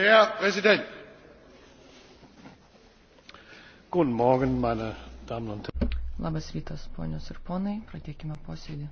Der Präsident. Guten Morgen, meine Damen und Herren. Labas rytas, ponios ir ponai, pradėkime posėdį.